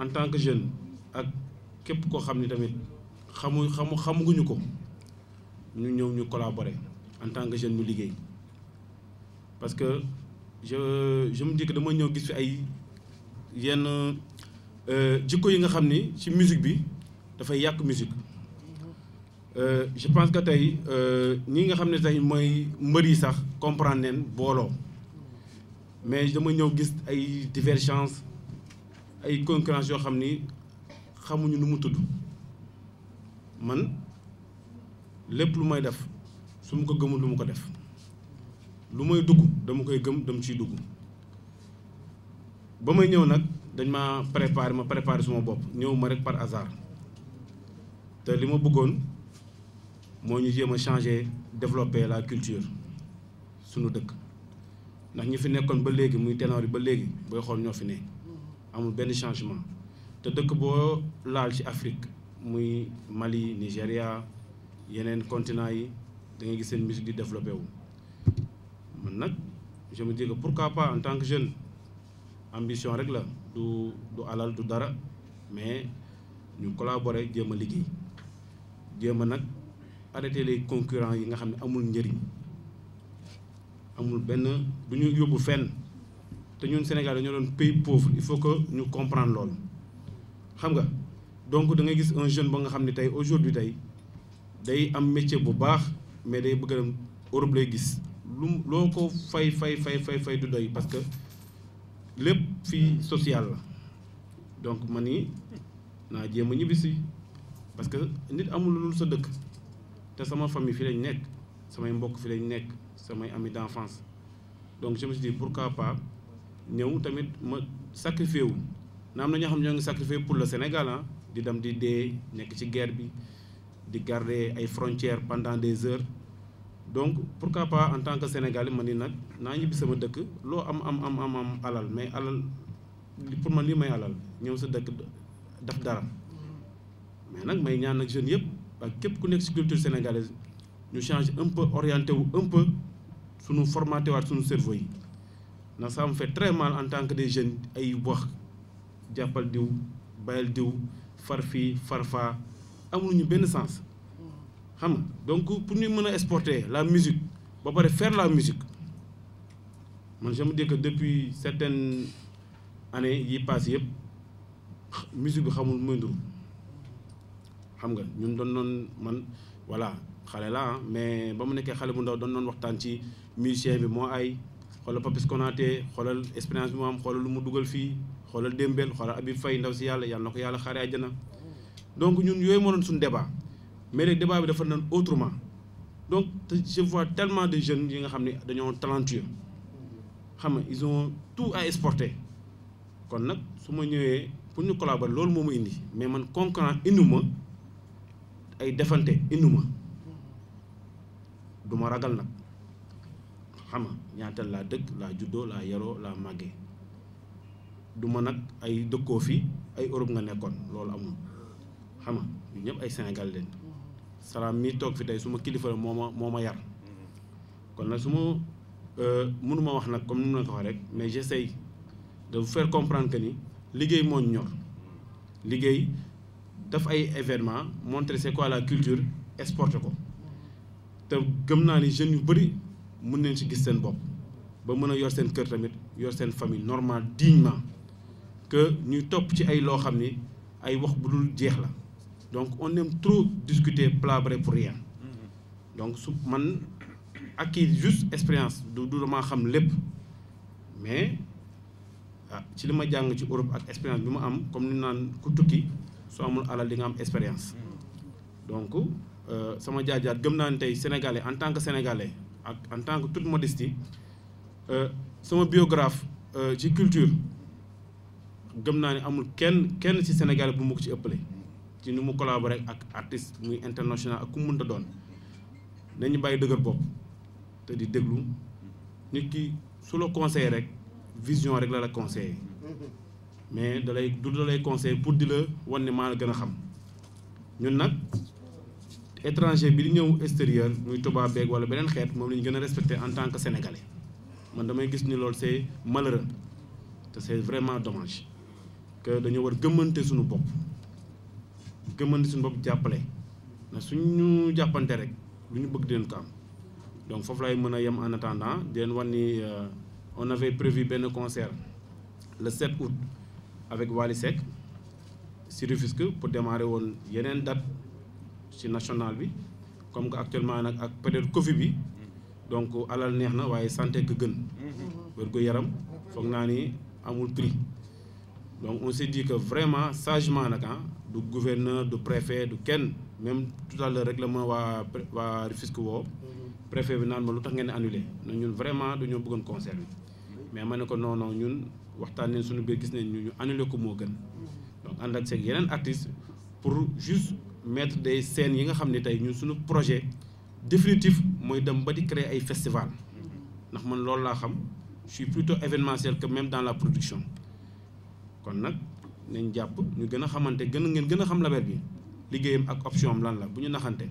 en tant que jeune ak képp koo xam ne tamit xamu xamu xamuguñu ko ñu ñëw ñu collabore en tant que jeune mu liggéey parce que je je me dis que dama ñëw gis fi ay yenn euh, jikko yi nga xam ni ci musique bi dafay yàq musique euh, je pense que tey euh, ñi nga xam ne tey mooy mbër sax comprendre neen booloo mais dama ñëw gis ay divergence ay concurrence yoo xam ni xamuñu lu mu tudd man lépp lu may def su mu ko gëmul lu mu ko def lu may dugg dama koy gëm dama ciy dugg ba may ñëw nag dañ ma préparé ma préparé suma bopp ñëw ma rek par hasard te li ma bëggoon moo ñu jéem a changer développer la culture sunu dëkk ndax ñi fi nekkoon ba léegi muy ténor yi ba léegi booy xool ñoo fi ne amul benn changement te dëkk boo laal ci Afrique muy Mali Nigéria yeneen continent yi da ngay gis seen musique di développé wu. man nag je me dis que pourquoi pas en tant que jeune ambition rek la du du alal du dara mais ñu collaborer jéem a liggéey jéem a nag arrêter les concurrents yi nga xam ne amul njëriñ amul benn du ñu yóbbu fenn. te ñun Sénégal dañoo doon pays pauvre il faut que ñu comprendre loolu xam nga donc da ngay gis un jeune ba nga xam ne tey aujourd'hui tey day am métier bu baax mais day bëgg a dem Europe lay gis lu loo ko fay fay fay fay fay du doy parce que lépp fii social la donc man ni naa jéem a ñibbisi parce que nit amul lu sa dëkk te sama famille fii lañ nekk samay mbokk fi lañ nekk samay ami d'enfance donc je me suis dit pourquoi ñëw tamit ma sacrifié wu na am na ñoo xam ñoo ngi sacrifié pour le Sénégal ah, di dem di dee nekk ci guerre bi di garder ay frontières pendant des heures donc pourquoi pas en tant que Sénégalais man ni nag naa ñibbi sama dëkk loo am am am am am alal mais alal pour man lii may alal ñëw sa dëkk daf dara mais nag may ñaan ak jeunes yëpp ak képp ku nekk ci culture sénégalaise ñu change un peu orienté wu un peu sunu formaté waat sunu cerveau yi ndax saa me fait très mal en tant que des jeunes ay wax jàppal diw bayal diw far fii far faa amuñu benn sens. xam donc pour ñu mën a exporter la musique ba pare faire la musique man je me dis que depuis certaines années yi passé yëpp musique bi xamul muy ndur xam nga ñun doon noon man voilà xale la mais ba mu nekkee xale bu ndaw doon noon waxtaan ci musicien bi moo ay. xoolal Papis Konaté xoolal expérience bi mu am xoolal lu mu dugal fii xoolal Dembel xoolal Habib Faye ndaw si yàlla yàlla na ko yàlla xaaree na donc ñun yooyu moo doon suñu débat mais léegi débat bi dafa nan autrement donc je vois tellement de jeunes yi nga xam ne dañoo talentueux xam nga ils ont tout ay exporter kon nag su ma ñëwee pour ñu collaborer loolu moo ma indi mais man concurrent induma ay defante induma duma ma ragal nag. xama ñaatal laa dëkk laa juddoo laa yaroo laa màggee du ma nag ay dëkkoo fi ay Europe nga nekkoon loolu amul xama ñu ñëpp ay Sénégal leen salaam mi toog fi tey su ma kilifa la moo ma moo ma yar kon nag su ma euh, mënuma wax nag comme ni ma ko waxee rek mais j'essaie de vous faire comprendre que ni liggéey moo ñor liggéey daf ay événement montrer ko quoi la culture esporté ko te gëm naa ni jeunes yu bëri mun nañ si gis seen bopp ba mën a yor seen kër tamit yor seen famille normal dignement que ñuy topp ci ay loo xam ni ay wax bu dul jeex la donc on aime trop discuter palabrer pour rien donc su man ak kii juste expérience du du damaa xam lépp mais ah ci li ma jàng ci Europe ak expérience bi mu am comme ni naan ku tukki soo amul alal li nga am expérience mm. donc euh, sama jaar-jaar gëm naa ne tey sénégalais en tant que sénégalais. en tant que toute modestie euh, sama biographe euh, ci culture gëm naa ni amul kenn kenn ci Sénégal bu mu ko ci ëpple ci nu mu rek ak artiste muy international ak ku mënta doon nañu bàyyi dëgër bopp te di déglu nit ki su la conseillé rek vision rek la la conseillé mais dalay du dalay conseillé pour di la wan ne maa gën a xam ñun nag étranger bi di ñëw extérieur muy tubaab beeg wala beneen xeet moom la ñu gën a respecté en tant que sénégalais man damay gis ni lool c'est malheureux te c'est vraiment dommage que dañoo war gëmmante suñu bopp gëmmante suñu bopp jàppale na suñu jàppante rek lu ñu bëgg di leen am donc foofu lay mën a yem en attendant di leen wan ni euh, on avait prévu benn concert le 7 août avec Wally Seck si Rufisque pour démarrer woon yeneen date ci national bi comme que actuellement nag ak période Covid bi donc alal neex na waaye santé ko gën wérgu yaram foog naa ni amul prix donc on s'est dit que vraiment sagement nag ah du gouverneur du préfet du kenn même tout à l'heure waa waa Rufisque woo bi naan ma lu tax ngeen annulé na ñun vraiment dañoo bëggoon concert bi mais ma ne ko non ñun waxtaan nañ suñu biir gis nañ ñu annulé ko moo gën donc ànd ak seeg yeneen artistes pour juste mettre des scènes yi nga xam ne tey ñun suñu projet définitif mooy dem ba di créer ay festival ndax man loolu laa xam je suis plutôt événementiel que même dans la production kon nag nañ jàpp ñu gën a xamante gën ngeen gën a xam label bi liggéeyam ak option lan la bu ñu naxante